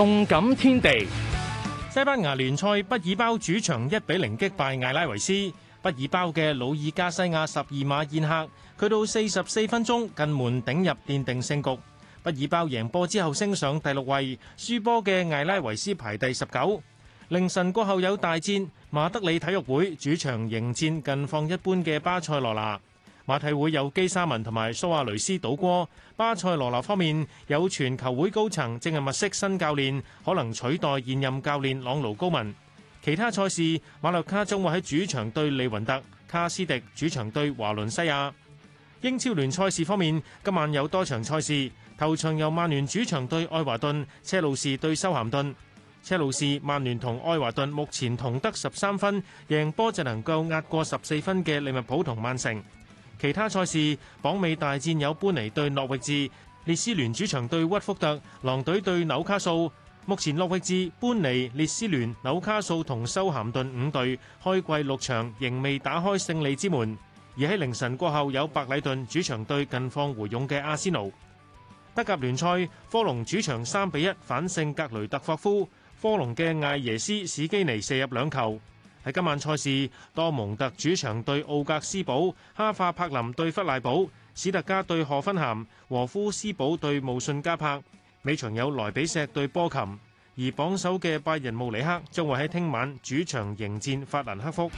動感天地，西班牙聯賽，畢爾包主場一比零擊敗艾拉維斯。畢爾包嘅魯爾加西亞十二碼宴客，去到四十四分鐘，近門頂入奠定勝局。畢爾包贏波之後升上第六位，輸波嘅艾拉維斯排第十九。凌晨過後有大戰，馬德里體育會主場迎戰近況一般嘅巴塞羅那。馬體會有基沙文同埋蘇亞雷斯倒戈。巴塞羅那方面有傳球會高層正係物色新教練，可能取代現任教練朗奴高文。其他賽事，馬洛卡將會喺主場對利雲特，卡斯迪主場對華倫西亞。英超聯賽事方面，今晚有多場賽事，頭場有曼聯主場對愛華頓，車路士對修咸頓。車路士、曼聯同愛華頓目前同得十三分，贏波就能夠壓過十四分嘅利物浦同曼城。其他賽事，榜尾大戰有班尼對諾域治，列斯聯主場對屈福特，狼隊對紐卡素。目前諾域治、班尼、列斯聯、紐卡素同修咸頓五隊開季六場仍未打開勝利之門。而喺凌晨過後有白禮頓主場對近況回勇嘅阿仙奴。德甲聯賽，科隆主場三比一反勝格雷特霍夫，科隆嘅艾耶斯、史基尼射入兩球。喺今晚賽事，多蒙特主場對奧格斯堡，哈化柏林對弗賴堡，史特加對賀芬咸，和夫斯堡對慕遜加柏。尾場有萊比錫對波琴，而榜首嘅拜仁慕尼黑將會喺聽晚主場迎戰法蘭克福。